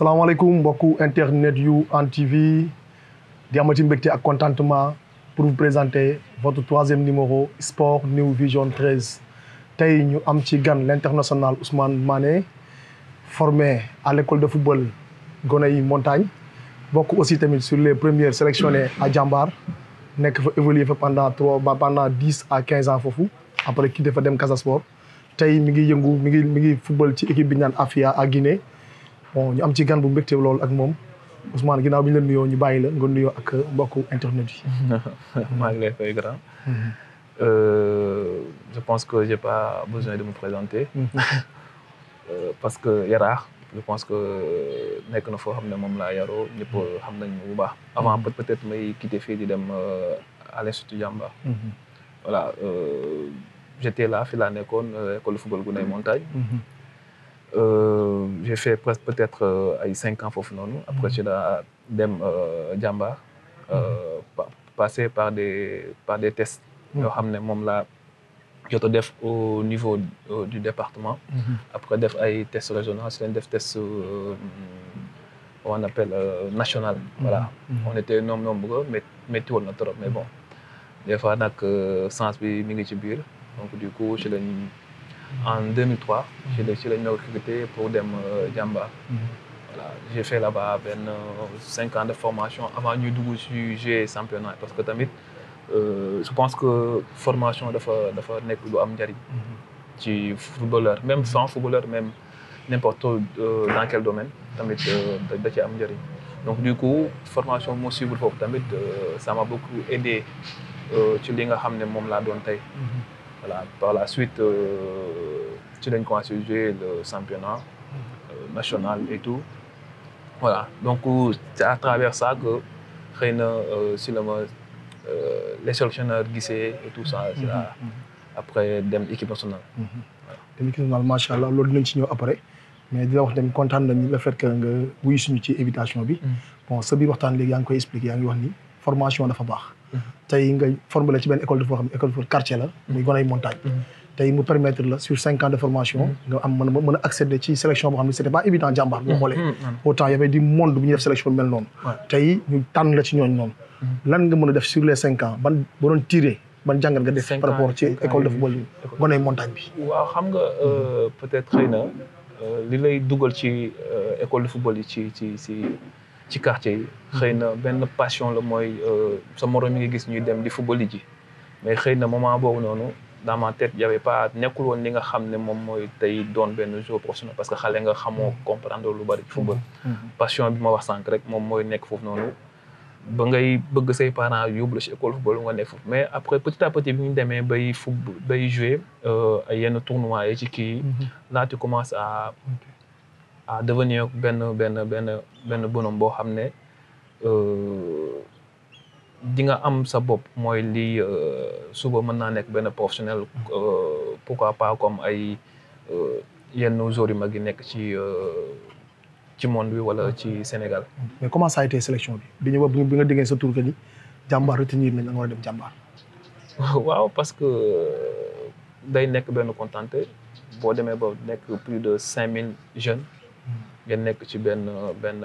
Salam alaikum, beaucoup internet you en TV di amati à contentement pour vous présenter votre troisième numéro sport New Vision 13 Tay, ñu am l'international Ousmane Mané formé à l'école de football gonaï Montagne Beaucoup aussi tamit sur les premières sélectionnés à Jambar Nous fa évolué pendant 10 pendant à 15 ans après ki dafa dem Casa Sport Tay, mi ngi football équipe bi Afia à Guinée bon ñu am ci gan bu mbégte lool ak mom Ousmane ginaaw biñu leen nuyoo ñu bàyyi la nga nuyoo ak mbokku internet yi. maa ngi lay fay grand. Mhm. Euh, je pense que j'ai pas besoin de me présenter. Mhm. Euh, parce que Yaraax je pense que euh, nekk na foo xam ne moom laa yaroo ñëpp mhm. xam nañ bu baax. avant peut-être may quitter fii di dem à l'Institut Diamba. voilà j'étais là fi laa nekkoon école de football Guney Montagne. Euh, j'ai fait presque peut-être euh, ay cinq ans foofu non après mhm. ci la dem euh, jàmbaar. Mhm. passé par des par des tests. Mhm. yoo xam ne moom laa jot def au niveau du département. après def ay tests régionaux régional leen def test mm, on appelle national. voilà on était ñoom nombreux mais mais tout woon trop mais bon des fois nag sens bi mi ngi ci biir donc du coup ci lañ en 2003. j'ai décidé de me recruter pour dem Jamba. Euh, voilà j'ai fait là-bas ben ans de formation avant de dugg le championnat parce que euh, je pense que la formation dafa dafa n'est lu am Tu footballeur même sans footballeur même n'importe dans quel domaine tamit da ci am donc du coup formation ça m'a beaucoup aidé Tu li nga voilà. Par la suite, euh, tu n'as commencé à jouer le championnat euh, national et tout. Voilà. Donc, euh, c'est à travers ça que euh, si le, euh, les championnats guissés et tout ça, c'est mhm. Mhm. après des équipes nationales dem équipe nationale mhm. macha allah loolu dinañ ci ñëw après mais di la wax dem kontaan nañu faire fait que nga wuyu suñu ci invitation bi. bon sa biir waxtaan léegi yaa ngi koy expliqué yaa ngi wax ni formation dafa baax. tey ngay formuler ci benn école de foo xam ne école de quartier la muy gonay montagne mm-hmm. tey mu permettre la sur cinq ans de formation mm-hmm. nga am mën a mën a accéder ci sélection boo xam ne c'était pas évident jàmbaar boo mm-hmm. xoolee autant bu mel noonu tey ñu tànn la ci ñooñ noonu lan nga mën a def sur les cinq ans ban boo doon tiré ban jàngat nga def par rapport ci école de football yi gonay montagne bi waaw xam nga euh, peut-être xëy na euh, li lay dugal ci euh, école de football yi ci ci ci ci quartier yi xëy na benn passion la mooy euh, sa morom mi ngi gis ñuy dem di football ji mais xëy na moment boobu noonu dans ma tête y avait pas nekkul woon li nga xam ne moom mooy tey doon benn joueur professionnel parce que xale nga xamoo comprendre lu bari football mm-hmm. Mm-hmm. passion bi ma wax sànq rek moom mooy nekk foofu noonu ba ngay bëgg say parents yóbbu la ci école football nga nekk foofu mais après petit à petit bi ñu demee bay football bay jouer euh, ay yenn tournois yi ci kii mm-hmm. là tu commences à à ah, devenir ben ben ben ben bonhomme bo xamné euh di nga am sa moy li euh suba mën na nek ben professionnel euh, pourquoi pas comme ay euh, yenn joueurs yu mag nek ci euh, ci monde bi wala ci Sénégal. mais comment ça a été sélection bi bi ñu nga déggee sa tour que ni jambar retenir nañ nga dem jambar waaw parce que day nek ben contenté Bo démé ba nek plus de cinq mille jeunes. ngeen nekk ci benn benn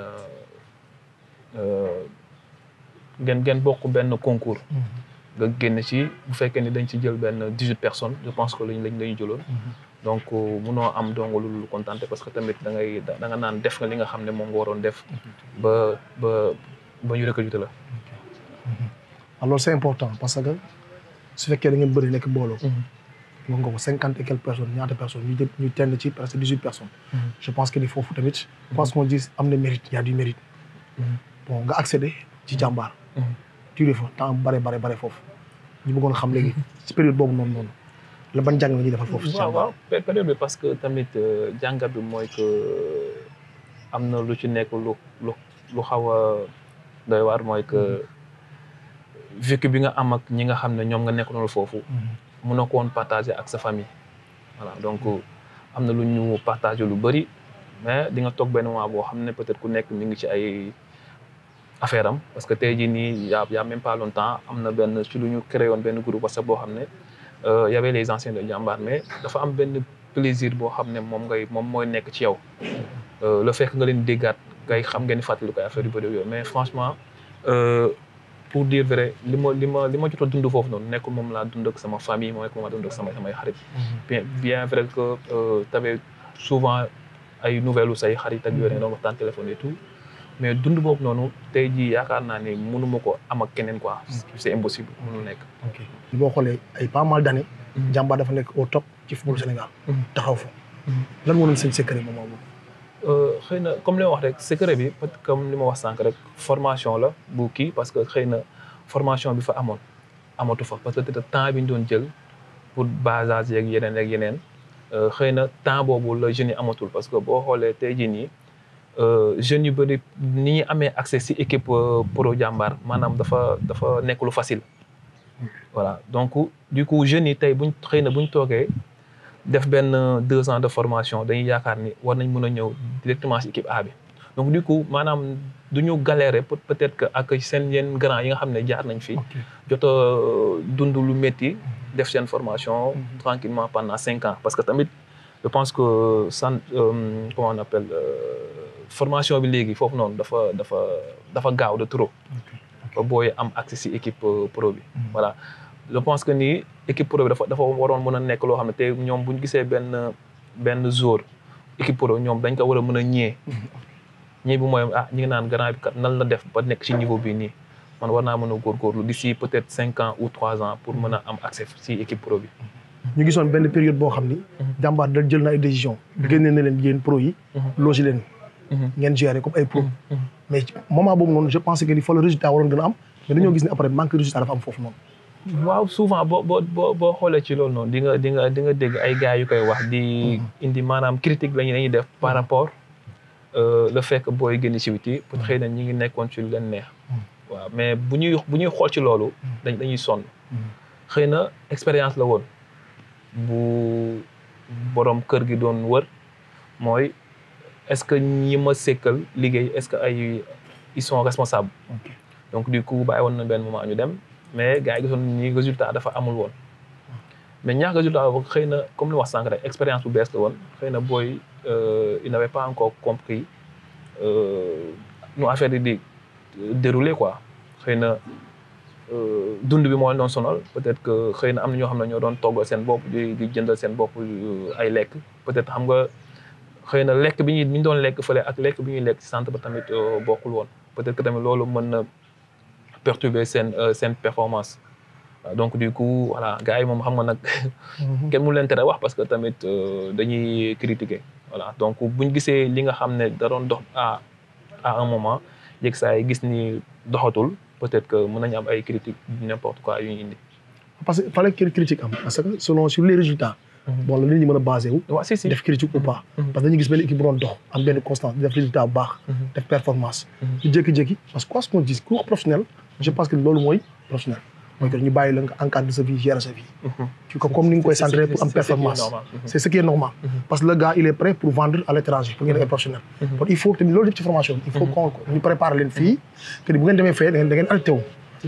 ngeen euh, ngeen bokk benn concours. Mm-hmm. nga génn ci bu fekkee ni dañ ci jël benn 18 personnes je pense que lañ lañ lañu jëloon. Mm-hmm. donc euh, munoo am dong lu contenté parce que tamit da ngay da nga naan def nga li nga xam ne moom nga waroon def. ba ba ba ñu recruter la. Mm-hmm. alors c'est important parce que su fekkee da ngeen bëri nekk mbooloo. 50 et quelques personnes des personnes ñu a des personnes, ci presque dix personnes. Mm-hmm. je pense qu'il faut, tamit. parce mm-hmm. qu'on dit a mérite y a du mérite. Mm-hmm. bon nga accéder ci tu tuuti faut temps barré, barré, bare foofu ñu bëggoon xam léegi période non, la ban parce que tamit période euh, que euh, amna lu ci nekk lu lu lu doy waar mooy que vécu bi nga am ak ñi nga xam nga nekk noonu mun ko woon partager ak sa famille voilà donc amna na lu ñu partager lu bari mais di nga tok ben mois bo xamné peut-être ku nekk mi ngi ci ay affaire am parce que tey jii ni y' a a même pas longtemps amna ben ci lu ñu créé woon groupe WhatsApp bo xamné euh y avait les anciens de Jambar mais dafa am ben plaisir bo xamné mom ngay mom moy nekk ci yow euh, le fait nga leen dégat, ngay xam ngeen fàttali ko affaire yu bari yooyu mais franchement. Euh, pour dire vrai li ma li ma li ma a dund foofu noonu nekkul moom laa dund ak sama famille moom nekkul moom laa dund ak samay samay xarit. Mhm. bien vrai que euh, souvent ay nouvelles u say xarit ak yooyu dañu mhm. doon mais dund boobu noonu tey jii yaakaar naa ne mënu ma ko am ak keneen quoi. Mhm. c' est impossible mënul nekk. ok boo xoolee ay pas mal d' années. jàmbaar dafa nekk au top ci football Sénégal. taxaw fa. lan moo doon seen secret moment boobu. Euh, xëy na comme li ma wax rek secret bi peut comme li ma wax sànq rek formation la bu kii parce que xëy na formation bi fa amoon amatu fa parce que peut temps bi ñu doon jël pour basage yeeg yeneen ak yeneen euh, xëy na temps boobu la jeune yi amatul parce que boo xoolee tey jii nii euh, jeunes yu bëri ni ñuy amee accès si équipe pro jàmbaar maanaam dafa dafa nekk lu facile. voilà donc du coup jeunes yi tey buñ xëy na buñ toogee def ben deux ans de formation dañuy yaakaar ni war nañ mëna ñëw directement ci équipe A bi donc du coup manam duñu galérer peut-être que ak seen yenn grand yi nga xam ne jaar nañ fi. jot euh, dund lu métti. def seen formation. Mhm. tranquillement pendant cinq ans parce que tamit je pense que euh, san euh, comment on appelle formation bi léegi foofu noonu dafa dafa dafa gaaw de trop. booy am accès si équipe pro bi mhm. voilà je pense que ni équipe pro dafa dafa waroon mën a nekk loo xam ne tey ñoom ben ñu jour équipe pro ñom dañ ko war a ñé ñé bu moy ah ñi ngi naan grand kat nan la def ba nek ci niveau bi ni man war naa gor gor lu d'ici peut-être 5 ans ou 3 ans pour mën am accès ci équipe pro bi. ñu gisoon ben période bo xamni ni. Mhm. da jël na ay décision mhm. génne na leen yéen pro yi. Mhm. loosi leen. ngeen gérer comme ay pro. mais moment bobu non je pense que il faut le résultat waroon gën a am mais dañu gis ni après manque résultat dafa am fofu noonu. waaw souvent boo boo boo xoolee ci loolu noonu di nga di nga dégg ay gars yu koy wax di mm-hmm. indi maanaam critique la ñuy def par mm-hmm. rapport euh, le fekk booy génne ci witi pour mm-hmm. xëy na ñi ngi nekkoon ci leen neex waaw mais bu ñuy bu ñuy xool ci loolu dañ dañuy sonn xëy na expérience la woon bu borom kër gi doon wër mooy est-ce que ñi ma sekkal liggéey est-ce que ay ils sont responsables donc du coup bàyyi woon na benn moment ñu dem mais gars yi gisoon ni résultat dafa amul woon mais ñaax résultat boobu xëy na comme li wax sànq rek expérience bu bees woon xëy na booy euh, il n'avait pas encore compris euh, nu affaire yi di euh, dérouler quoi xëy na dund bi moo leen doon sonal peut-être que xëy na am na ñoo xam ne ñoo doon toggal seen bopp di di jëndal seen bopp ay lekk peut-être xam nga xëy na lekk bi ñuy bi ñu doon lekk fële ak lekk bi ñuy lekk ci centre ba tamit bokkul woon peut-être que tamit loolu mën na perturber sa euh, performance ah, donc du coup voilà gars yi moom xam mhm. parce que tamit euh, dañuy voilà donc buñ gisee li nga da à un moment peut-être que mën nañu am n'importe quoi que fallait que critique am que selon sur les résultats bon la nit ñi mën wu. waaw si si def critique ou pas. Mm-hmm. parce que ni gis benn équipe bu doon dox am benn constance def résultat bu baax. Mm-hmm. def performance. Mm-hmm. ñu jékki-jékki parce que quoi ce qu'on dit professionnel. je pense que loolu mooy professionnel. mooy que ñu bàyyi la nga encadre sa vie gérer sa vie. tu comme comme ni nga koy centré pour am performance. c' est ce qui est normal. parce que le gars il est prêt pour vendre à l' étranger pour ngeen ay professionnel. kon il faut que loolu yëpp ci formation il faut qu'on ñu prépare leen fii que bu ngeen demee fee da ngeen da ngeen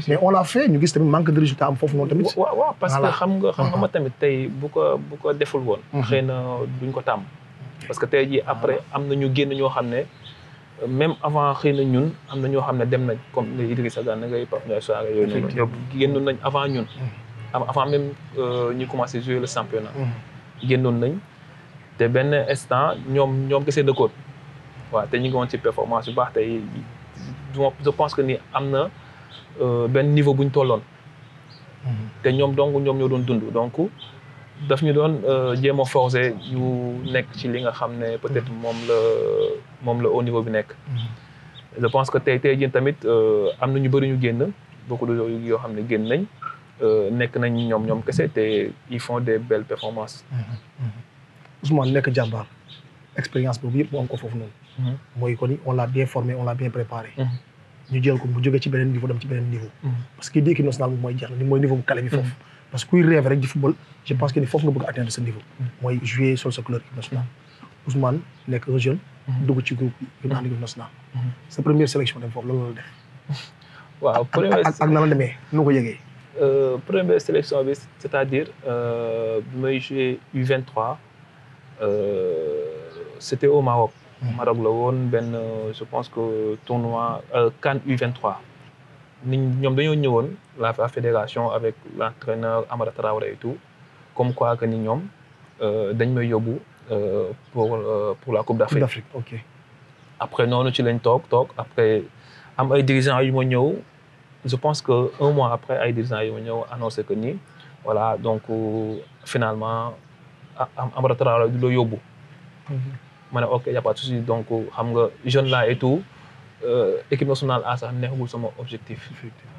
mais on l'a fait ñu gis tamit manque de résultat am foofu noonu tamit. waaw waaw parce que xam nga xam nga ma tamit tey bu ko bu ko deful woon. xëy na duñ ko tàmm. parce que tey jii après am na ñu génn ñoo xam ne même avant xëy na ñun am na ñoo xam ne dem na comme ngay Idrissa Gana ngay Pape Ndiaye Souaré yooyu noonu. génnoon nañ avant ñun. avant même ñu commencé jouer le championnat. génnoon nañ te benn instant ñoom ñoom gisee dëkkoon. waaw te ñu ngi woon ci performance yu baax tey je pense que ni am na. Ben niveau buñ ñu tolloon. Mhm. te ñoom donc ñom ñoo doon dund donc daf ñu doon euh, jéem forcé forcer ñu nekk ci li nga xam ne peut-être mhm. moom la moom la au niveau bi nekk. Mhm. je pense que tey tey jii tamit euh, am na ñu bëri ñu génn beaucoup de yoo xam ne génn nañ nekk nañ ñoom ñoom kese te ils font des belles performances. Ousmane nekk jàmbaar expérience boobu yëpp mu am ko foofu noonu. mooy ko on l'a bien formé on l'a bien préparé ñu jël ko bu jógee ci beneen niveau dem ci beneen niveau. Mm. parce que di équipe nationale moom mooy jeex na ni mooy niveau bu kale bi mm. foofu. parce que kuy rêve rek di football je pense que ni foofu nga bëgg atteindre sa niveau. Mm. mooy jouer sol sa couleur équipe nationale. Ousmane nekk un jeune. dugg ci groupe bi naan équipe nationale. sa première sélection dem foofu loolu la def. waaw première ak ak na la demee nu ko yëgee. Euh, première sélection bi c'est-à-dire euh, bi may jouer U23 euh, c'était au Maroc. Mm-hmm. Maroc la woon ben je pense que tournoi euh, CAN U23. nit ñoom dañoo la fédération avec l'entraîneur Amara et tout comme quoi que ni euh dañ may yóbbu euh, pour pour la Coupe d'Afrique. Après, ok. après nonu ci lañ tok tok après am ay dirigeants yu ma ñëw je pense que un mois après ay dirigeants yu ma ñëw annoncé que ni voilà donc finalement Amara Traoré du la mane ok y' a pas de souci donc xam nga jeune là et tout euh, équipe nationale A sax neexagul sama objectif.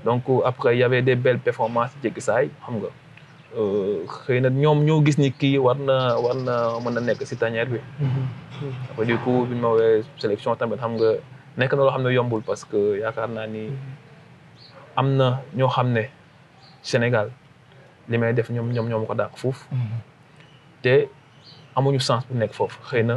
donc après y' avait des belles performances jékki saay xam nga. Euh, xëy na ñoom ñoo gis ni kii war na war na mën a nekk si tanière bi. Mhm. Mhm. après du coup bi ñu ma woowee sélection tamit xam nga nekk na loo xam ne yombul parce que yaakaar naa ni mhm. am na ñoo xam ne Sénégal li may def ñoom ñoom ñoom ko dàq foofu. te amuñu sens bu nekk foofu xëy na.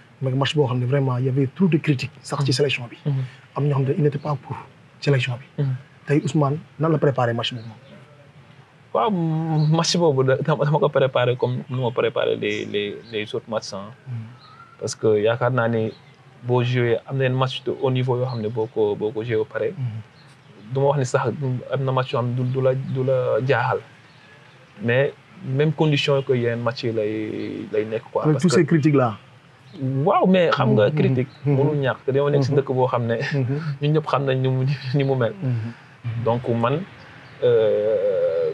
mais match bo xamné vraiment il y avait trop de critiques sax ci mm-hmm. sélection bi. Mm-hmm. am ñoo xamné il n'était pas pour sélection bi. Mm-hmm. tay Ousmane nan la préparé match boobu. waaw match boobu dama ko préparé comme nu ma préparé les les les autres matchs hein. parce que yaakaar naa ne boo joué am na match de haut niveau yoo xam ne boo ko boo ko joué ba pare. du ma wax ni sax am na match yoo xam du la du la jaaxal mais même condition que yenn match yi lay lay nekk quoi. parce que tous ces critiques là. waaw mais xam nga mm-hmm. critique mm-hmm. mënul ñàkk te dañoo nekk si nëkk mm-hmm. boo xam ne ñun ñëpp xam nañ ni mu ni mu mel donc man euh,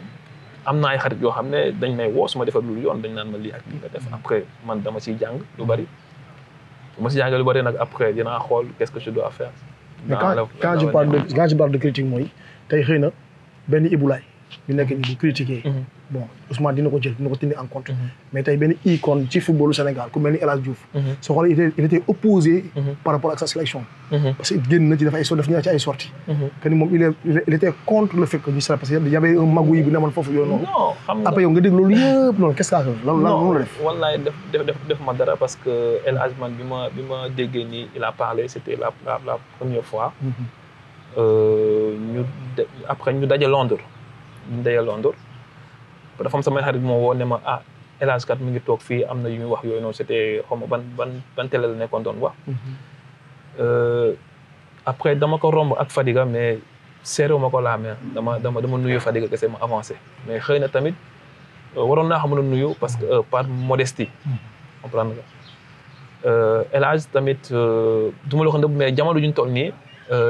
am na ay xarit yoo xam ne dañ may woo su ma defal lu yoon dañ naan ma lii ak lii nga def après man dama siy jàng lu bari su ma si jàngee lu bari nag après dinaa xool qu'est-ce que je dois faire mais quand je parle de quand je de critique mooy tey xëy na benn ibulaay ñu nekk ñu di critiquer mhm. bon Ousmane dina ko jël dina ko tenir en compte mhm. mais tey benn icône ci footballu Sénégal ku mel ni El Diouf mhm. soo xoolee il était opposé par rapport ak sa sélection parce que génn na ci dafa ay daf ñëwaat ci ay sorties que ni moom il il était contre le fait que ñu sera parce que y avait un magouille bu nemoon foofu yooyu noonu après yow nga dégg loolu yëpp noonu qu'est-ce que lan la noonu la def wallaay def def def ma dara parce que El Hadj man bi ma bi ma déggee nii il a parlé c'était la la la première fois euh, ñu après ñu daje Londres Ndeye Londor dafa am samay xarit moo woo ne ma a ah, El Hadj kat mi ngi toog fii am na yu muy wax yooyu noonu c'était xaw ban ban ban télé la nekkoon doon mm-hmm. euh, après dama ko romb ak Fadiga mais seerewu ma ko laamee dama dama dama nuyu Fadiga kese ma avancé mais xëy na tamit euh, waroon naa xamul nuyu parce que euh, par modestie. Mm-hmm. comprendre nga El Hadj tamit du ma la ko nëbb mais jamono ju ñu toll nii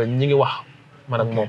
ñi ngi wax man moom.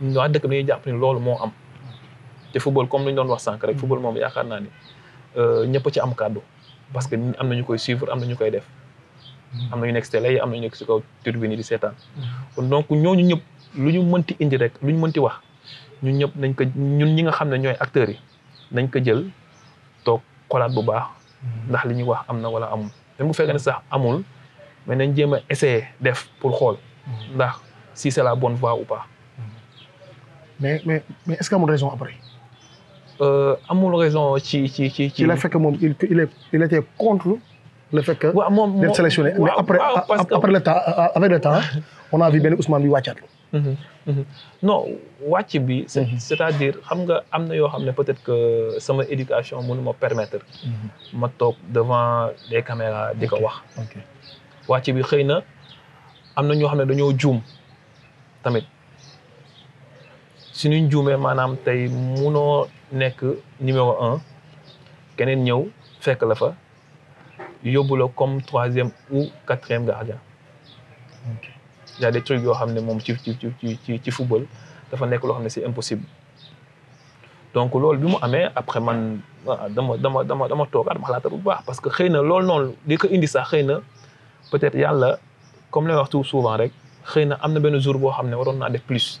ñu waa dëkk bi dañuy jàpp ni loolu moo eh, am te football comme lu ñu doon wax sànq rek football moom yaakaar naa ni ñëpp ci am kàddu parce que am nañu koy suivre am nañu koy def am nañu ñu nekk télé yi am nañu ñu nekk si kaw turbine di seetaan kon donc ñooñu ñëpp lu ñu mënti indi rek lu ñu mënti wax ñun ñëpp nañ ko ñun ñi nga xam ne ñooy acteurs yi nañ ko jël toog xolaat bu baax hmm. ndax li ñuy wax am na wala amul même bu fekkee ne sax amul mais nañ jéem a essayer def pour xool hmm. ndax si c'est la bonne voie ou pas mais mais mais est-ce que amul raison après. Euh, amoul raison ci ci ci. ci fait que moom il il il était contre. le fait que ouais, moi, moi, sélectionné. Ouais, mais après, ouais, après, après que... le temps, avec le temps, on a vu Ben Ousmane bi -hmm. non wàcc bi. Mhm. c'est-à-dire xam nga am yo xamné peut-être que sama éducation mënu ma permettre. Mhm. ma toog devant des caméras diko ko wax. wàcc bi xeyna amna ño na ñoo xam dañoo tamit si nous numéro un la fa comme troisième ou quatrième gardien. il des trucs ci football c'est impossible. donc après man ah, dama dama dama dama ma bu parce que xeyna lool ko peut-être comme souvent rek jour plus.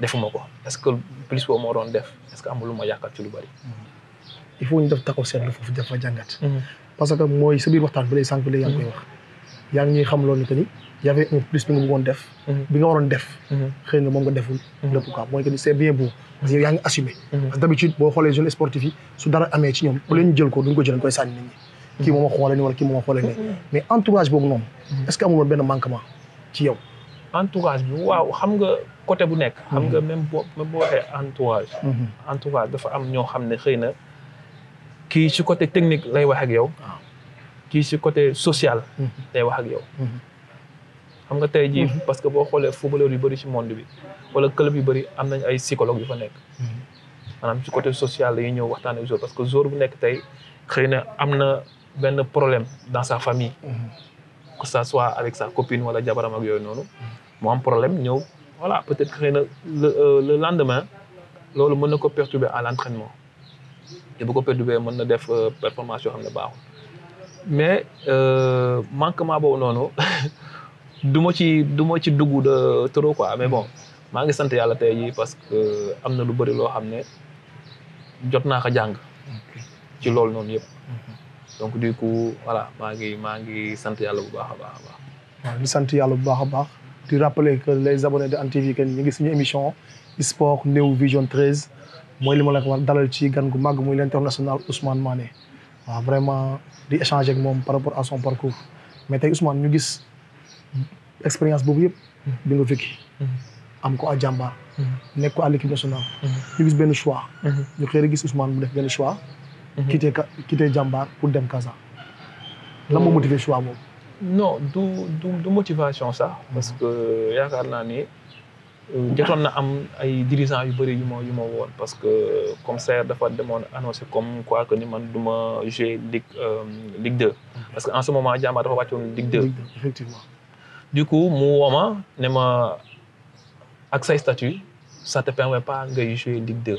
defuma ko est ce que plus boobu mo def est ce que amul lu ci lu bari. il faut ñu def taxaw seetlu foofu def fa jangat parce que moy ce bir waxtan bi lay sànq lay yaa koy wax. Mm-hmm. yang ñi xam loolu ni que y avait un plus bi nga bëggoon def. Mm-hmm. bi nga waroon def. Mm-hmm. xey nga mo nga deful. le pourquoi moy que c'est bien beau. parce que yang assumer parce que d' yi su dara amé ci ñom bu leen jël ko duñ ko jël koy sañ ni ki kii moom a xoolee wala ki moom a xoolee nii mais entourage bobu non est ce que amul ben manquement ci yow. entourage bi waaw xam nga côté bu nekk. xam nga mhm. même boo même boo waxee entourage. Mhm. entourage dafa am ñoo xam ne xëy na kii ci côté technique lay wax ak yow. Ah. kii ci côté sociale mhm. lay wax ak yow. xam nga tey jii parce que boo xoolee footballeur yu bëri ci monde bi wala club yu bëri am nañ ay psychologue yu fa nekk. maanaam ci côté social la ñuy ñëw waxtaan ak joueur parce que joueur bu nekk tey xëy na am na benn problème dans sa famille. que ça soit avec sa copine wala jabaram ak yooyu noonu mu am problème non voilà peut-être que euh, le lendemain loolu mën na ko perturber à l'entraînement il bu ko perturber mën na def euh, performance en xam ne mais euh, manquement boobu noonu du ma ci du ma ci dugg de trop quoi mais bon maa ngi sant yàlla tey jii parce que amna lu bëri lo xam ne jot naa ko ci loolu noonu yëpp donc du coup voilà maa ngi maa ngi sant yàlla bu baax a baax a baax. di sant yàlla bu baax a baax di rappeler que les abonnés de Hann TV que ñu ngi suñu émission sport New Vision 13 mooy li ma la ko war dalal ci gan gu mag muy l'international Ousmane Mané waaw vraiment di échanger moom par rapport à son parcours mais tey Ousmane ñu gis expérience boobu yëpp bi nga fekki mm-hmm. am ko à jàmbaar. Mm-hmm. nekk ko à l'équipe nationale. Mm-hmm. ñu gis benn choix. ñu xëy gis Ousmane mu def benn choix. Mhm. quitté ka quitté jàmbaar pour dem Casa. lan moo oh. motivé choix boobu. non du du du motivation sax. parce que yaakaar naa ni euh, jotoon na am ay dirigeants yu bëri yu ma yu ma woon parce que comme Serre dafa demoon annoncé comme quoi que ni man du ma joué ligue euh, ligue deux. parce que en ce moment jàmbaar dafa wàccoon ligue deux. effectivement. du ko mu woo ma ne ma ak say statut ça te permet pas ngay jouer ligue deux.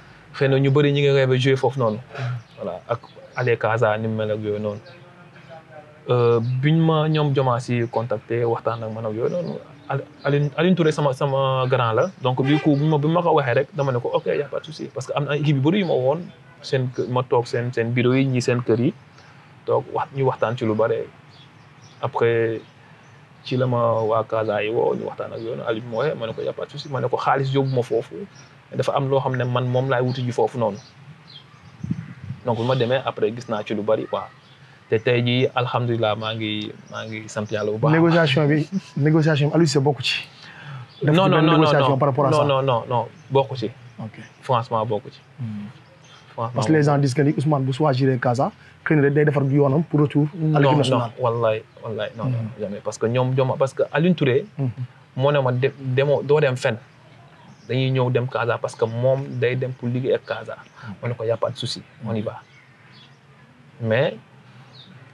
xëy na ñu bëri ñi ngi rêvé jouer foofu noonu voilà ak Allez ni mu mel ak yooyu noonu euh, biñ ma ñoom jomaa si contacté waxtaan ak man ak yooyu noonu Alioune Alioune Touré sama sama grand la donc bii ku bi ma bi ma ko waxee rek dama ne ko ok y' a parce que am na équipe yu bëri yu ma woon seen ma toog seen seen bureau yi ñi seen kër yi toog wax ñu waxtaan ci lu bare après ci la ma waa Casa yi woo ñu waxtaan ak yooyu noonu Alioune ma waxee ma ne ko y' a pas ma ne ko xaalis yóbbu ma foofu. dafa am loo xam ne man moom laay wuti ji foofu noonu donc ma demee après gis naa ci lu bari quoi te tey jii alhamdulilah maa ngi maa ngi sant yàlla bu baax. négociation bi négociation bi Aliou Cissé bokku ci. non non non négociation rapport à ça non non non ci. ok hmm. franchement parce que les gens disent que ni Ousmane bu choisir Casa xëy yoonam pour retour. à l'équipe hmm. jamais parce que ñoom parce que Alioune hmm. moo ne ma demoo doo dem fenn. dañuy ñëw dem Casa parce que moom day dem pour liggéey ak Casa. ma ne ko y' a pas de souci on y mais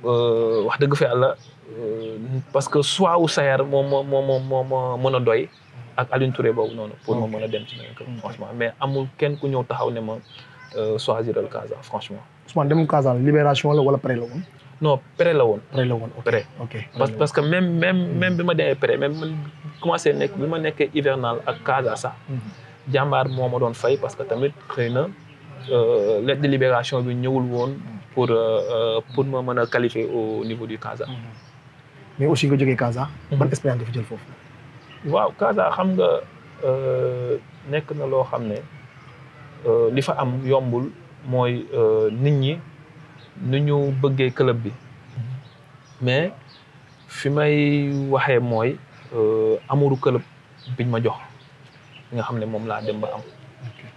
euh, wax dëgg fa yàlla euh, parce que soit wu Sayer moom moo moo moo moo mën a doy. ak Alioune boobu noonu. pour ma mën a dem ci ñoom. franchement mais amul kenn ku ñëw taxaw ne ma euh, choisiral Casa franchement. Ousmane demul Casa libération la wala prêt la non pré la woon. pré la woon ok parce parce que même même même bima dé demee pré même man commencé nekk bi ma hivernal ak Casa sax. Mhm. jambar moo ma doon fay parce que tamit xeyna euh lettre de libération bi ñewul won pour euh, euh, pour ma mën qualifier au niveau du Casa. Mhm. mais aussi nga joggé jógee Casa. Mhm. ban expérience fi jël fofu waaw Casa xam nga euh nek na lo xamné euh li fa am yombul moy euh nit ñi. nu ñu bëggee club bi mais fi may waxee mooy euh, amuru club biñ ma jox nga xam ne moom laa dem ba am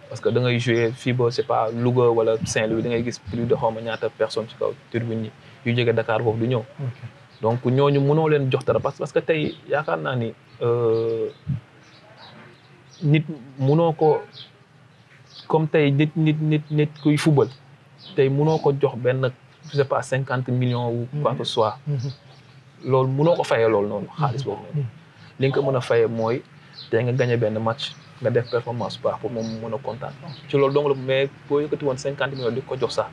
parce que da ngay jouer fii ba c'est pas Louga wala Saint-Louis da ngay gis plus de xawma ñaata personne ci kaw tribune yi yu jóge Dakar foofu du ñëw donc ñooñu mënoo leen jox dara parce que tey yaakaar naa ni euh, nit mënoo ko comme tey nit nit nit kuy football tey munoo ko jox benn je sais pas cinquante millions ou mm-hmm. quoi que ce soit mm-hmm. loolu munoo ko fayee loolu noonu xaalis boobu noonu mm-hmm. li nga ko mën a fayee mooy tey nga gagné benn match nga def performance bu baax pour moom mën a kontaan ci loolu donc la mais boo yëkkati woon cinquante di ko jox sax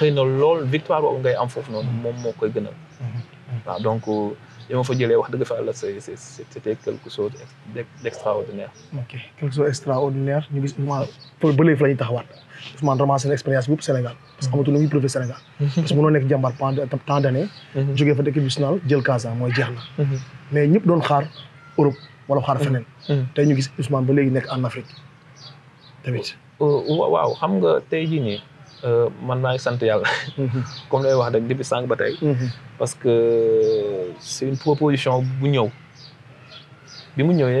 xëy na loolu victoire boobu ngay am foofu noonu moom moo koy gënal waaw donc li ma fa jëlee wax dëgg fa la c' était quelque chose d' extraordinaire quelque chose extraordinaire ñu gis ma pël bële fi taxawaat Mandar मास ने Sénégal parce que बस ñu prouver Sénégal parce que mëno nek jambar pendant tant d'années jogé fa dëkk bis naal jël casa moy jeex mais mhm. mhm. ñëpp doon xaar Europe wala xaar mhm. fenen tay ñu gis Ousmane ba légui nek en Afrique oh, oh, tamit waaw xam nga tay ji ni eh, man maay sante yalla comme lay wax rek depuis sang ba tay parce que c'est une proposition bu ñëw bi mu ñëwé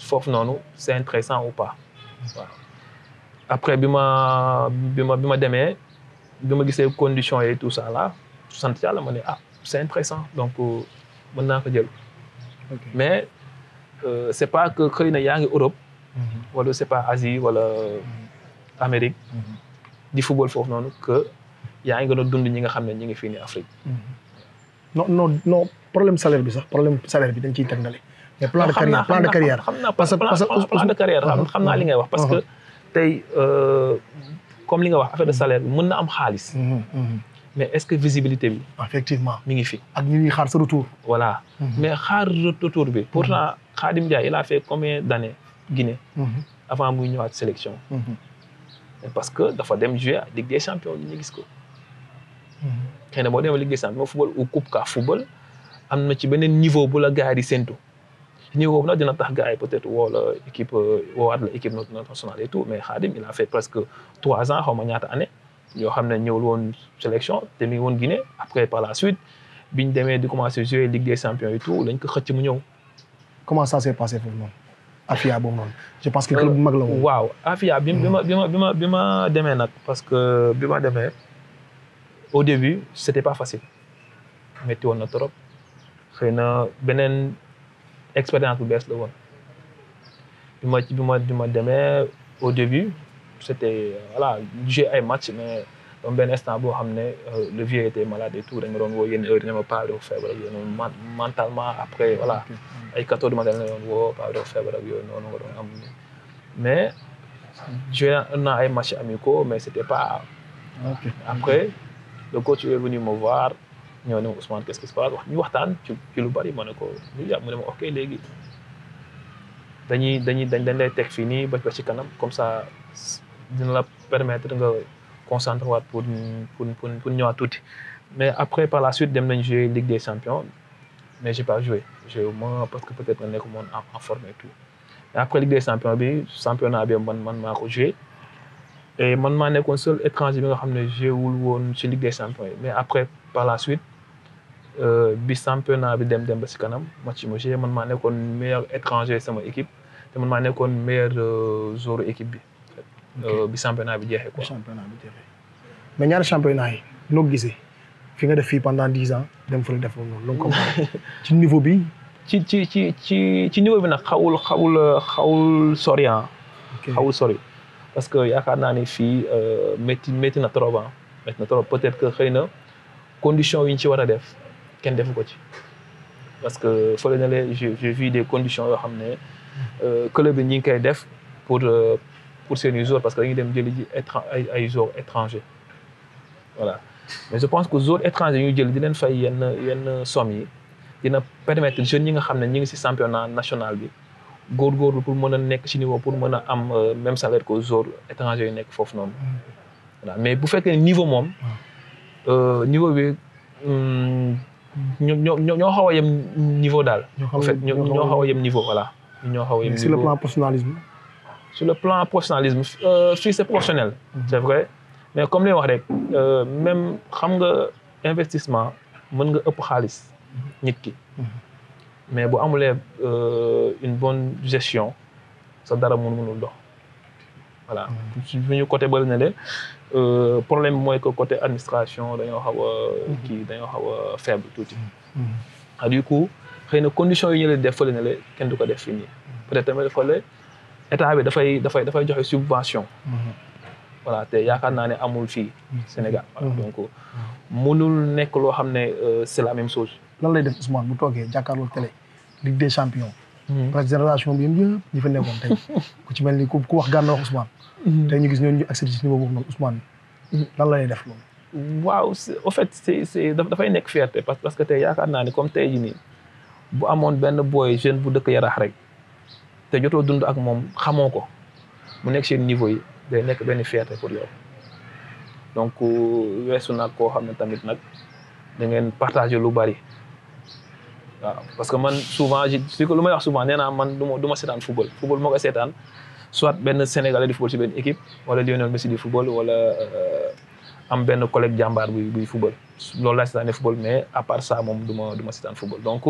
foofu noonu c'est intéressant ou pas waaw après bi ma bi ma bi ma demee bi ma gisee conditions yi tout ça là sant yàlla ma ne ah c'est intéressant donc euh, mën naa ko jël mais euh, c'est pas que xëy na yaa ngi Europe mhm. wala c'est pas Asie wala mhm. Amérique mhm. du football foofu noonu que yaa ngi gën a dund ñi nga xam ne ñi ngi fini ni Afrique non non non problème salaire bi sax problème salaire bi dañ ciy tàngale mais plan de carrière plan de carrière xam naa plan de carrière xam naa li ngay wax parce que uh-huh. tay euh comme li nga wax affaire de salaire bi mën na am xaalis uh-huh, uh-huh. mais est-ce que visibilité bi effectivement mi ngi fi ak ñu ngi xaar sa retour voilà mais xaar retour bi pourtant Khadim Dia il a fait combien d'années Guinée avant muy ñëwaat sélection parce que dafa dem jouer Ligue des champions ñu gis ko xëy na boo demee Ligue des champions football ou Coupe ka football am na ci beneen niveau bu la gars yi di séntu niveau boobu nag dina tax gars peut-être woo la équipe woowaat la équipe nationale et tout mais Khadim il a fait presque trois ans comme ma année yoo xam ne une woon sélection demi mi Guinée après par la suite biñ demee de commencer jouer Ligue des champions et tout lañ ko xëcc mu ñëw. comment ça s'est passé pour noonu. Afia boobu je pense que club maglo. mag la woon. Afia bi bi ma bi ma bi parce que bi demain, au début c'était pas facile métti woon en Europe, xëy na expérience bu bees le woon bi ma bi ma bi ma demee au début c'était voilà j'ai un match mais un ben instant boo xam euh, le vieux était malade et tout dañ il doon woo heure ne ma pas dafa feebar voilà mentalement après voilà mm. ay 14 mois dañ la doon pas dafa feebar non, non non nga am mais je naa ay match amico mais c'était pas... pas après le coach est venu me voir ñëw ne Ousmane qu'est-ce qui se passe wax ñu waxtaan ci ci lu bari ma ne ko ñu yàgg mu ne ma ok léegi dañuy dañuy dañ dañ lay teg fii nii ba ba ci kanam comme ça dina la permettre nga concentré waat pour pour pour pour ñëwaat tuuti mais après par la suite dem nañ jouer Ligue des Champions mais j'ai pas joué j'ai au moins parce que peut-être nekkuma woon en forme et tout après Ligue des Champions bi championnat bi man man maa ko joué et man maa nekkoon seul étranger bi nga xam ne joué wul woon ci Ligue des Champions mais après par la suite. Euh, bi championnat bi dem dem ba si kanam match ma joué man maa nekkoon meilleur étranger sama équipe te man maa nekkoon meilleur euh, joueur équipe bi. Euh, bi championnat bi jeexe quoi. championnat bi jeexee mais ñaari championnat yi noo gise fi nga def fii pendant dix ans dem fa la def noonu ci niveau bi. ci ci ci ci ci niveau bi nag xawul xawul xawul sori ah. xawul sori parce que yaakaar naa ne fii métti métti na trop ah métti na trop peut-être que xëy na condition yi ñu ci war a def. kenn defu ko ci parce que fële na je je vu des conditions yoo xam ne euh, club bi ñi ngi koy def pour euh, pour ces joueurs parce que dañuy dem jëli ji ay ay joueurs étrangers voilà mais je pense que joueurs étrangers ñu jël di leen fay yenn yenn somme yi dina permettre jeunes yi nga xam ne ñi ngi si championnat national bi góorgóorlu pour mën a nekk ci niveau pour mën a am euh, même salaire que joueurs étrangers yi nekk foofu noonu voilà mais bu fekkee niveau moom niveau bi hmm, ñoo ñoo ñoo xaw a yem niveau daal. en fait ñoo ñoo xaw a yem niveau voilà. ñoo xaw a yem niveau sur le plan personnalisme. sur le plan personnalisme euh, fii c'est professionnel. c'est vrai mais comme li wax rek euh, même xam nga investissement mën nga ëpp xaalis nit ki. Mhm. mais bu amulee euh, une bonne gestion sa dara mun munul dox voilà suñu côté bëri na le euh, problème bi que côté administration dañoo xaw a mhm. kii dañoo xaw a faible tuuti mhm. ah du coup xëy condition conditions yi ñu leen def fële ne le kenn du ko def fii nii mhm. peut être tamit fële état bi dafay dafay dafay joxe subvention voilà te yaakaar naa ne amul fi Sénégal donc mënul nekk loo xam ne euh, c'est la même chose lan lay def Ousmane bu toogee jàkkaarloo télé Ligue des champions parce que génération bi ñëp ñi fa nekkoon tey ku ci melni ku wax ganno wax Ousmane Mm-hmm. tay ñu gis ñoo ñu accéder ci niveau boobu noonu Ousmane. Mm-hmm. lan lay def loolu. waaw au fait c'est c'est dafay nekk fierté parce parce que tey yaakaar naa ni comme tey jii nii bu amoon benn boy jeune bu dëkk yarax rek te jotoo dund ak moom xamoo ko mu nekk seen niveau yi day nekk benn fierté pour yow donc euh, weesu nag koo xam ne tamit nag da ngeen partager lu bari waaw parce que man souvent je lu may wax souvent nee naa man du ma du ma seetaan football football moo koy seetaan. soit ben Sénégalais de football ci ben équipe wala Lionel Messi di football wala euh, am ben collègue Jambar bu bu football loolu laa seetaanee football mais à part ça mom duma duma du ma football donc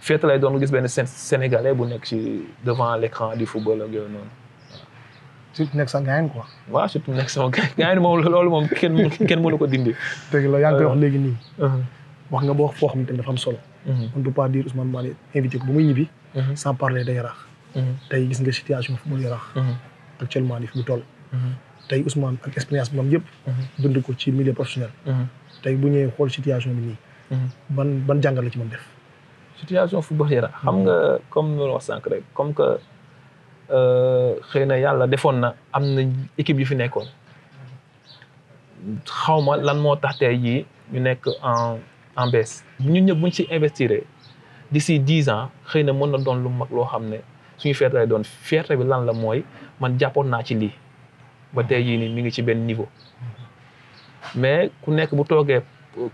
féete lay doon gis benn Sénégalais bu nek ci devant l'écran du football ak yooyu noonu. surtout nekk sa gaañ quoi. waaw surtout nek sama gaañ mom loolu mom ken ken mënu ko dindi. dëgg la yang koy wax euh, léegi nii. Euh. wax nga boo wax fo xam ne dafa am solo. Mhm. on ne peut pas dire Ousmane Mané invité bu muy ñibi mhm. sans parler day Mhm. tey gis nga situation fu mu yaraax mhm. actuellement nii fi mu toll mhm. tey Ousmane ak expérience bi am yëpp dund ko ci milieu professionnel tey bu ñëwee xool situation bi nii ban ban jàngal la ci mën def situation football yaraax xam nga comme noonu wax sànq rek comme que euh, xëy na yàlla defoon na am na équipe yu fi nekkoon xaw ma lan moo tax tey jii ñu nekk en en baisse ñun ñëpp buñ ci investir d'ici dix ans xëy na mën na doon lu mag loo xam ne suñu fierté lay doon fierté bi lan la mooy man jàppoon naa ci lii ba tey jii nii mu ngi ci benn niveau mais ku nekk bu toogee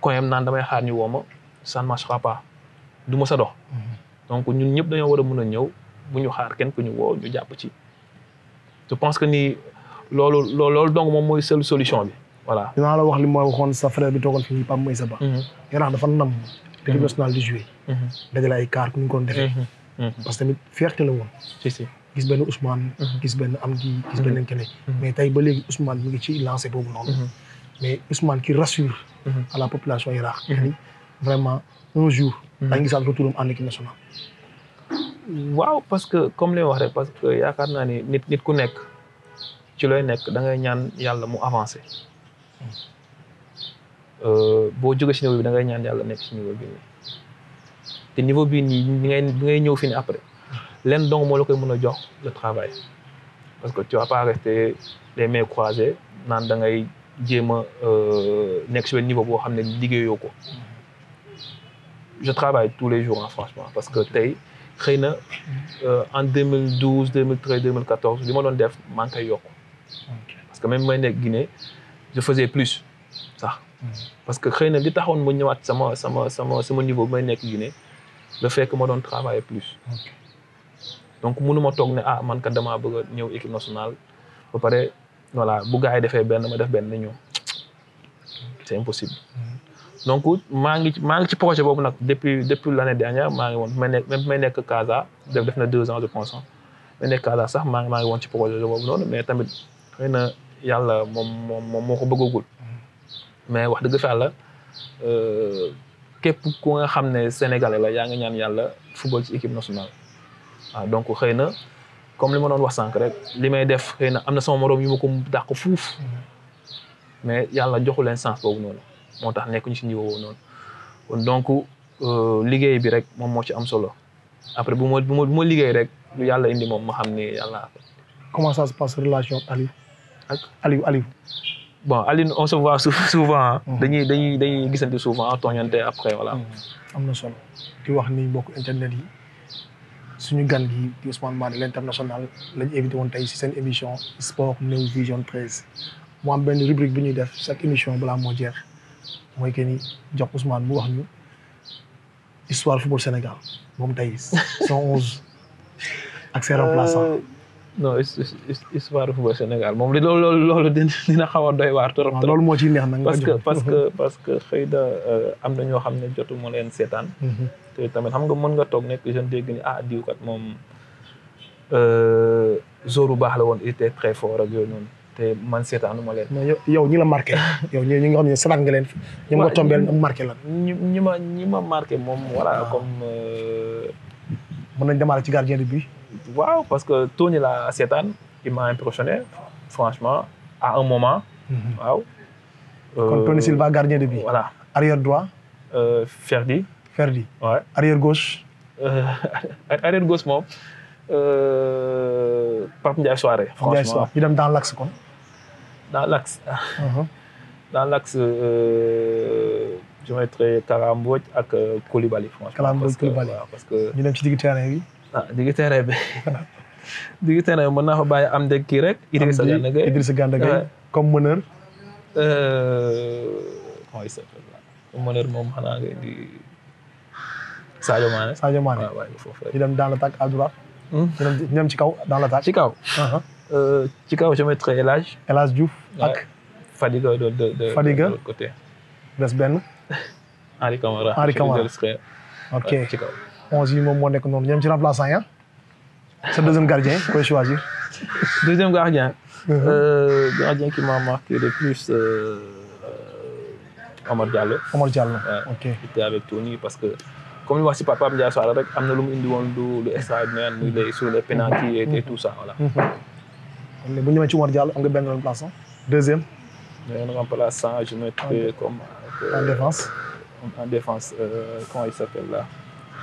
koyam naan damay xaar ñu woo ma ça ne du ma sa dox donc ñun ñëpp dañoo war a mun a ñëw bu ñu xaar kenn ku ñu woo ñu jàpp ci je pense que nii loolu loolu loolu donc moom mooy solution bi voilà dinaa la wax li ma waxoon sa bi toogoon fii Pape Maïssa Ba mhm. mhm. di jouer mhm. dajale ay carte ñu ko defee Mhm. parce que tamit fierté la woon. si gis benn Ousmane. Mhm. gis benn am gis mhm. benn mais tey ba léegi Ousmane mu ngi ci lancé boobu noonu. mais Ousmane qui rassure. à la population Yaraax. vraiment un jour. daa ngi gisal retouram en équipe nationale. waaw parce que comme lay wax rek parce que yaakaar naa ni nit nit ku nekk ci looy nekk da ngay ñaan yàlla mu avancé. Hmm. Euh, boo jógee si niveau bi da ngay ñaan yàlla nekk ci niveau bi Le niveau bi ni ngay ngay ñëw après len donc mo la koy jox le travail parce que tu vas pas rester les mains croisées nan da ngay jéem euh niveau boo xam ne liggéeyoo je travaille tous les jours hein, franchement parce que tay xeyna euh, en 2012 2013 2014 li ma doon def man tay parce que même moi nek Guinée je faisais plus ça mm. parce que xeyna li taxone mo ñëwaat sama sama sama sama niveau bi may Guinée le fait que ma doon travailler plus. donc mënu toog ne ah man kat damaa bëgg ñëw équipe nationale ba pare voilà bu gars yi defee benn ma def benn ñëw c'est impossible. Mm-hmm. donc maa ngi ci maa ngi ci projet boobu nag depuis depuis l'année dernière maa ngi woon may nekk même may nekk Casa def def na deux ans je pense may nekk Casa sax maa ngi maa ngi woon ci projet boobu noonu mais tamit xëy na yàlla moom moom moom moo ko bëggagul mm-hmm. mais wax dëgg fa yàlla. Euh, képp ku nga xam ne sénégalais la yaa ngi ñaan yàlla football ci équipe nationale waaw donc xëy na comme li ma doon wax sànq rek li may def xëy na am na sama moroom yu ma ko dàq fuuf mais yàlla joxu leen sens boobu noonu moo tax nekkuñu si niveau boobu noonu donc donc euh, liggéey bi rek moom moo ci am solo après bu ma bu ma ma liggéey rek lu yàlla indi moom ma xam ni yàlla. comment ça se passe relation Aliou ak Aliou Aliou. bon Aline on se voit souvent hein. mhm. dañuy dañuy dañuy gisante souvent tooñante après voilà. Mhm. amna solo di wax ni bokk internet yi suñu gan gi di Ousmane Mané l'international lañ invité won tay ci sen émission sport New Vision 13 mo am ben rubrique bi ñuy def chaque émission bla moo jeex mooy que ni jox Ousmane mu wax ñu histoire football Sénégal moom tey 111 ak ses euh, remplaçants. non histoire football Sénégal moom li loolu loolu loolu dina xaw doy waar trop. waaw ah, loolu moo ci neex nag parce que parce que parce que xëy euh, am na ñoo xam jotu ma leen seetaan. Mhm. te tamit xam nga nga jeune ni ah diw kat euh, la il était très fort ak te man ma leen. yow ñi la marqué yow ñi nga xam ne nga leen. waaw nga marqué la. ñi ma ñi ma marqué ah. comme. Euh, nañ démarrer ci gardien de but. waaw parce que Tony la seetaan il m'a impressionné franchement à un moment. Mhm. waaw. Comme euh, Tony Silva gardien de but. voilà arrière droit. Euh, Ferdi. Ferdi ouais. arrière gauche. Euh, arrière gauche Euh, Pape Ndiaye soirée, franchement Il dem dans l'axe kon. dans l'axe. Mhm. dans l'axe je mettrai Kara Mbodj avec Koulibaly franchement. Koulibaly parce que a dem ci digg terrain ah digi terrain bi digi terrain mën naa am deg kii rek. Idrissa Gana Gueye Idrissa Gana Gueye comme meneur. mooy sa meneur moom xanaa ngay di Sadio Mané. Sadio Mané waaw waaye foofu rek. ñu dem dans l'attaque à droite. ñu dem ci kaw dans l'attaque. ci kaw. ci kaw je mettrai El Hadj. Diouf ak. Fadiga de de de Fadiga des benn. Henri Camara Henri Camara ok ci kaw. 11 yi moom nek non ñam ci remplaçant ya ah. sa deuxième gardien koy choisir. deuxième gardien. Mhm. Euh, gardien qui m'a marqué le plus. Euh, euh Omar Diallo. Omar Diallo ouais. ok. j'étais avec Tony parce que comme li wax papa Ndiaye Soare rek am na lu mu indi won du lu extraordinaire muy les sur les pénalty et mhm. tout ça voilà. mais mhm. bu ñu ñëwee ci Omar Diallo am nga benn remplaçant. deuxième. benn remplaçant je mets comme. Euh, en défense. en défense euh, comment il s'appelle là.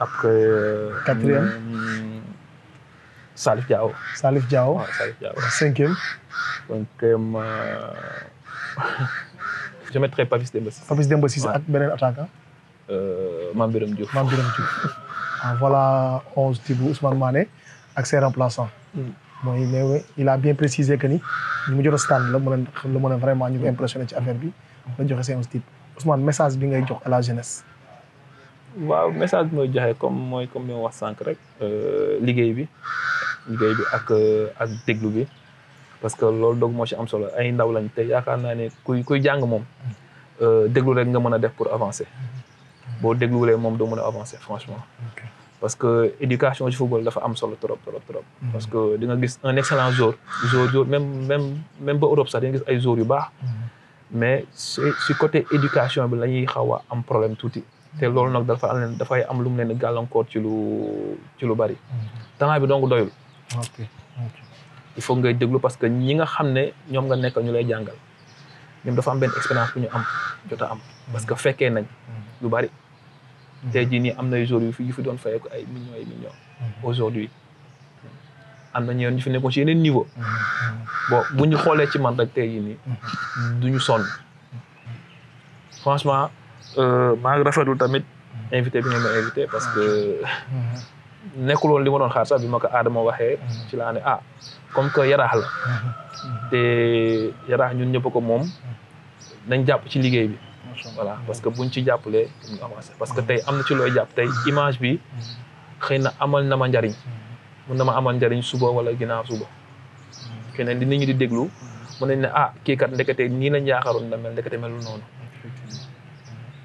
après. quatrième. Euh, Salif Diao. Salif Diao. Ah, Salif Diao. Cinquième. Cinquième. Euh, je mettrais Papis Dembassi. Papis Dembassi, c'est ouais. Benen attaquant. Euh, Mambiram Diouf. Mambiram Diouf. ah, voilà 11 Tibou Ousmane Mané avec ses remplaçants. Mm. Bon, il, est, il a bien précisé que nous avons un stand, là, nous avons vraiment impressionné par l'affaire. Nous avons 11 types. Ousmane, message que tu à la jeunesse waaw message comme comme wax rek euh, bi bi ak euh, ak parce que loolu dog moo ci am solo ay ndaw lañ kuy pour avancer avancer franchement parce que éducation du football dafa am solo trop trop trop hmm. parce que di un excellent joueur même même même ba Europe sax hmm. mais ce côté éducation bi la ñuy a am problème te loolu nag dafa am dafay am lu mu leen gàllankoor ci lu ci lu bari. Mm-hmm. talent bi donc doyul. il faut ngay déglu parce que ñi nga xam ne ñoom nga nekk ñu lay jàngal ñoom dafa am benn expérience bu ñu am jot am. parce que mm-hmm. fekkee nañ. Mm-hmm. lu bari. tey jii nii am na jour yu fi yu fi doon fayeeku ay millions ay millions. aujourd'hui am na ñeneen fi nekkoon ci yeneen niveau. bon bu ñu xoolee ci man rek te jii nii. du ñu sonn franchement. euh, maa ngi rafetlu tamit hmm. invité hmm. hmm. bi nga ma invité parce que nekkul woon li ma doon xaar sax bi ma ko aadama waxee ci laa ne ah comme que yaraax la te yaraax ñun ñëpp ko nañ ci liggéey bi voilà parce que buñ ci jàppalee ñu avancé parce que tey na ci image bi xëy amal na ma njariñ mun na ma amal njariñ suba wala ginnaaw suba keneen di nit ñi di déglu mun nañ ne ah kii kat ndekete ni lañ na mel ndekete melul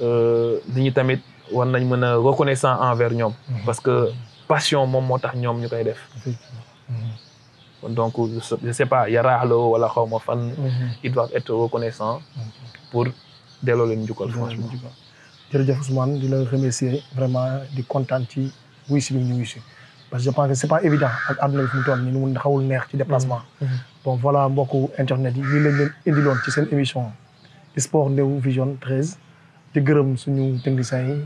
Euh, nit ñi tamit war nañ mën a reconnaissant envers ñoom. Mhm. parce que passion moom moo tax ñoom ñu koy def. Mhm. donc je sais pas yaraaxloo wala xaw ma fan. Mhm. ils doivent être reconnaissants. pour delloo leen njukkal franchement. jërëjëf Ousmane di la remercier vraiment di kontaan ci wuy si ñu wuy si parce que je pense que c'est pas évident ak àdduna bi fi mu toll nii mun xawul neex ci déplacement. bon voilà mbokku internet yi lii lañ leen indiloon ci seen émission sport New Vision 13. di gërëm suñu techniciens yi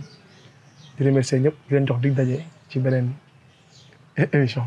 di remercier ñëpp di jox dig daje ci beneen émission.